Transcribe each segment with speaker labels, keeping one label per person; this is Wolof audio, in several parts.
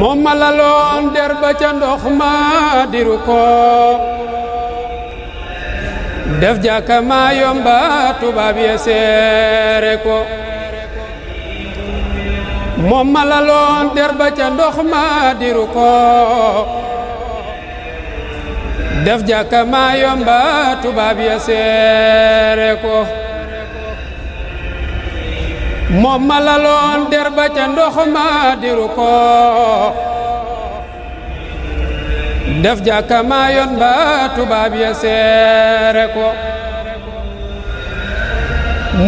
Speaker 1: moom ma laloon der ba ndox ma diru koor def jàkka maa yomba tubaab ya seere ko moom ma der ba ca ndox ma diru koor def jàkka maa yomba tubaab ya seere ko moom ma laloon der ca ndox ma diru ko def jàkka maa ba tubaab ya seere ko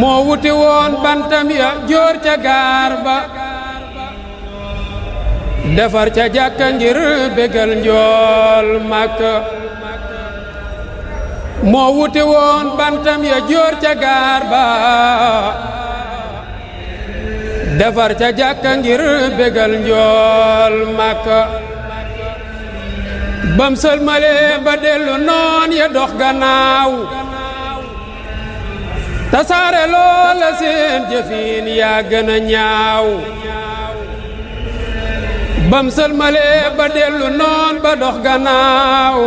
Speaker 1: moo wuti woon bantam ya joor ca gaar defar ca jàkka ngir bégal njool màkk moo wuti woon bantam ya joor ca gaar ba defar ca jàkka ngir bégal njool màkka bam sëlmalee ba dellu noon ya dox gannaaw tasaare loola seen jëfin yaa gën a ñaaw bam sëlmalee ba dellu noon ba dox gannaaw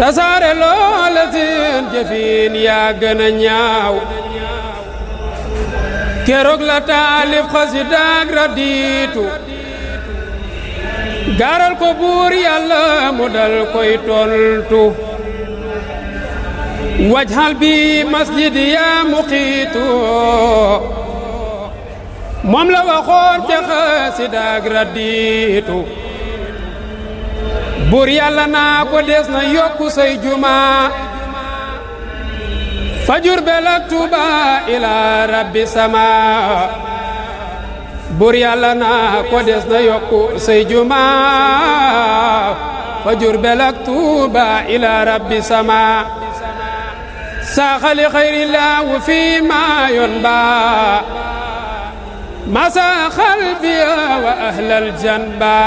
Speaker 1: tasaare loola seen jëfin yaa gën a ñaaw keroog la taalif xasidaak radiitu gaaral ko buur yàlla mu koy tontu wajhal bi masjid yaa muqiitu moom la waxoon ca xasidaak radiitu buur yàlla naa ko des na yokku say jumaa fa Jurbel ak Tuuba ila rabbi sama bur yàlla ko des na yokku say juma fa Jurbel ak Tuuba ila rabbi sama saaxali xayri laawu fi ma yoon ba masa xalbiya wa ahlal janba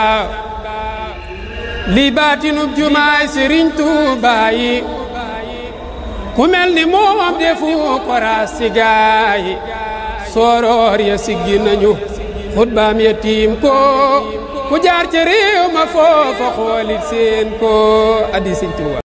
Speaker 1: li baatinu jumaay Sëriñ Tuuba yi ku mel ni moom defu ko raas ci gaayi sooroor ya siggi nañu xutbaam ya tiim ko ku jaar ca réew ma foofa xoolit seen ko addi sëñ Tuubaa